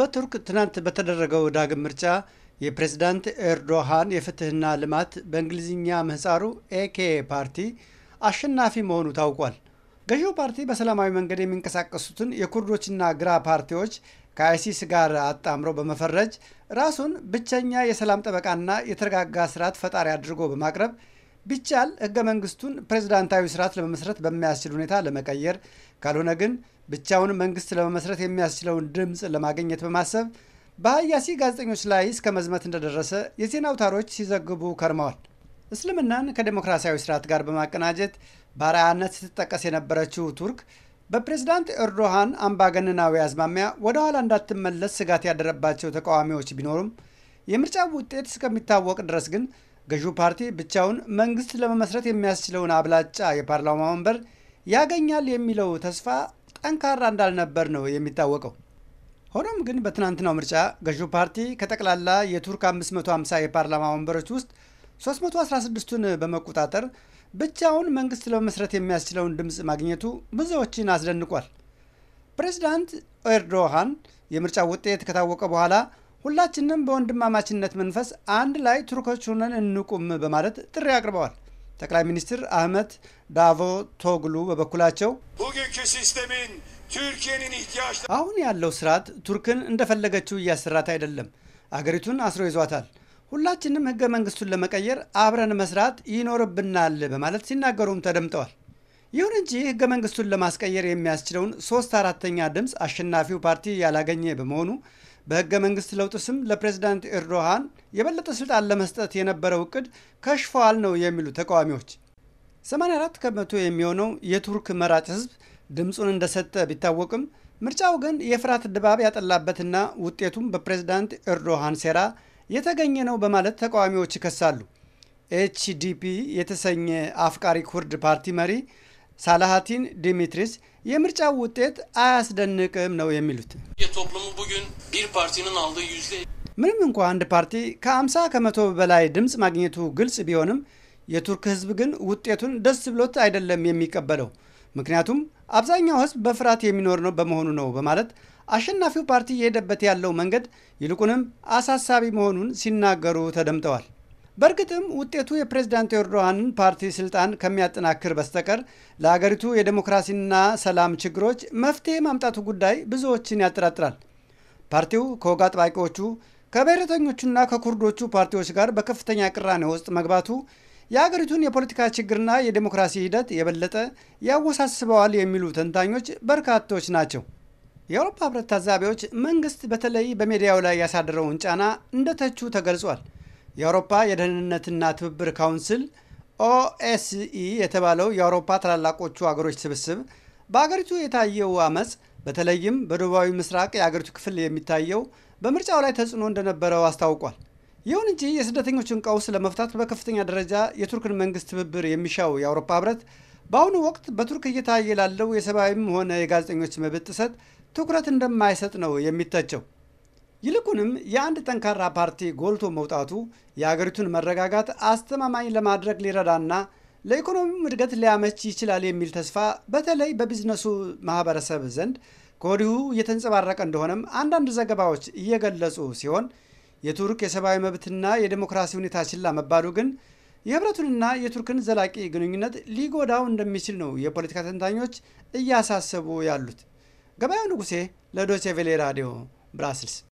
በቱርክ ትናንት በተደረገው ዳግም ምርጫ የፕሬዝዳንት ኤርዶሃን የፍትህና ልማት በእንግሊዝኛ ምህፃሩ ኤኬ ፓርቲ አሸናፊ መሆኑ ታውቋል። ገዢው ፓርቲ በሰላማዊ መንገድ የሚንቀሳቀሱትን የኩርዶችና ግራ ፓርቲዎች ከአይሲስ ጋር አጣምሮ በመፈረጅ ራሱን ብቸኛ የሰላም ጠበቃና የተረጋጋ ስርዓት ፈጣሪ አድርጎ በማቅረብ ቢቻል ህገ መንግስቱን ፕሬዝዳንታዊ ስርዓት ለመመስረት በሚያስችል ሁኔታ ለመቀየር ካልሆነ ግን ብቻውን መንግስት ለመመስረት የሚያስችለውን ድምፅ ለማግኘት በማሰብ በሀያሲ ጋዜጠኞች ላይ እስከ መዝመት እንደደረሰ የዜና አውታሮች ሲዘግቡ ከርመዋል። እስልምናን ከዴሞክራሲያዊ ስርዓት ጋር በማቀናጀት በአርአያነት ስትጠቀስ የነበረችው ቱርክ በፕሬዝዳንት ኤርዶሃን አምባገነናዊ አዝማሚያ ወደ ኋላ እንዳትመለስ ስጋት ያደረባቸው ተቃዋሚዎች ቢኖሩም የምርጫ ውጤት እስከሚታወቅ ድረስ ግን ገዢው ፓርቲ ብቻውን መንግስት ለመመስረት የሚያስችለውን አብላጫ የፓርላማ ወንበር ያገኛል የሚለው ተስፋ ጠንካራ እንዳልነበር ነው የሚታወቀው። ሆኖም ግን በትናንትናው ምርጫ ገዢው ፓርቲ ከጠቅላላ የቱርክ 550 የፓርላማ ወንበሮች ውስጥ 316ቱን በመቆጣጠር ብቻውን መንግስት ለመመስረት የሚያስችለውን ድምፅ ማግኘቱ ብዙዎችን አስደንቋል። ፕሬዚዳንት ኤርዶሃን የምርጫው ውጤት ከታወቀ በኋላ ሁላችንም በወንድማማችነት መንፈስ አንድ ላይ ቱርኮች ሆነን እንቁም በማለት ጥሪ አቅርበዋል። ጠቅላይ ሚኒስትር አህመት ቶግሉ በበኩላቸው አሁን ያለው ስርዓት ቱርክን እንደፈለገችው እያሰራት አይደለም፣ አገሪቱን አስሮ ይዟታል። ሁላችንም ህገ መንግስቱን ለመቀየር አብረን መስራት ይኖርብናል በማለት ሲናገሩም ተደምጠዋል። ይሁን እንጂ ህገ መንግስቱን ለማስቀየር የሚያስችለውን ሶስት አራተኛ ድምፅ አሸናፊው ፓርቲ ያላገኘ በመሆኑ በህገ መንግስት ለውጥ ስም ለፕሬዚዳንት ኤርዶሃን የበለጠ ስልጣን ለመስጠት የነበረው እቅድ ከሽፈዋል ነው የሚሉ ተቃዋሚዎች 84 ከመቶ የሚሆነው የቱርክ መራጭ ህዝብ ድምፁን እንደሰጠ ቢታወቅም ምርጫው ግን የፍርሃት ድባብ ያጠላበትና ውጤቱም በፕሬዝዳንት ኤርዶሃን ሴራ የተገኘ ነው በማለት ተቃዋሚዎች ይከሳሉ። ኤችዲፒ የተሰኘ አፍቃሪ ኩርድ ፓርቲ መሪ ሳላሃቲን ዲሚትሪስ የምርጫው ውጤት አያስደንቅም ነው የሚሉት። toplumu bugün bir partinin aldığı yüzde... ምንም እንኳ አንድ ፓርቲ ከ50 ከመቶ በላይ ድምፅ ማግኘቱ ግልጽ ቢሆንም የቱርክ ህዝብ ግን ውጤቱን ደስ ብሎት አይደለም የሚቀበለው። ምክንያቱም አብዛኛው ህዝብ በፍርሃት የሚኖር ነው በመሆኑ ነው በማለት አሸናፊው ፓርቲ እየሄደበት ያለው መንገድ ይልቁንም አሳሳቢ መሆኑን ሲናገሩ ተደምጠዋል። በእርግጥም ውጤቱ የፕሬዝዳንት ኤርዶሃንን ፓርቲ ስልጣን ከሚያጠናክር በስተቀር ለአገሪቱ የዴሞክራሲና ሰላም ችግሮች መፍትሄ ማምጣቱ ጉዳይ ብዙዎችን ያጠራጥራል። ፓርቲው ከወግ አጥባቂዎቹ ከብሔረተኞቹና ከኩርዶቹ ፓርቲዎች ጋር በከፍተኛ ቅራኔ ውስጥ መግባቱ የአገሪቱን የፖለቲካ ችግርና የዴሞክራሲ ሂደት የበለጠ ያወሳስበዋል የሚሉ ተንታኞች በርካቶች ናቸው። የአውሮፓ ህብረት ታዛቢዎች መንግስት በተለይ በሚዲያው ላይ ያሳደረውን ጫና እንደተቹ ተገልጿል። የአውሮፓ የደህንነትና ትብብር ካውንስል ኦኤስኢ የተባለው የአውሮፓ ታላላቆቹ አገሮች ስብስብ በአገሪቱ የታየው አመፅ በተለይም በደቡባዊ ምስራቅ የአገሪቱ ክፍል የሚታየው በምርጫው ላይ ተጽዕኖ እንደነበረው አስታውቋል። ይሁን እንጂ የስደተኞችን ቀውስ ለመፍታት በከፍተኛ ደረጃ የቱርክን መንግስት ትብብር የሚሻው የአውሮፓ ህብረት በአሁኑ ወቅት በቱርክ እየታየ ላለው የሰብአዊም ሆነ የጋዜጠኞች መብት ጥሰት ትኩረት እንደማይሰጥ ነው የሚተቸው። ይልቁንም የአንድ ጠንካራ ፓርቲ ጎልቶ መውጣቱ የአገሪቱን መረጋጋት አስተማማኝ ለማድረግ ሊረዳና ለኢኮኖሚም እድገት ሊያመች ይችላል የሚል ተስፋ በተለይ በቢዝነሱ ማህበረሰብ ዘንድ ከወዲሁ እየተንጸባረቀ እንደሆነም አንዳንድ ዘገባዎች እየገለጹ ሲሆን የቱርክ የሰብአዊ መብትና የዴሞክራሲ ሁኔታ ችላ መባሉ ግን የህብረቱንና የቱርክን ዘላቂ ግንኙነት ሊጎዳው እንደሚችል ነው የፖለቲካ ተንታኞች እያሳሰቡ ያሉት። ገበያው ንጉሴ ለዶቼ ቬሌ ራዲዮ ብራስልስ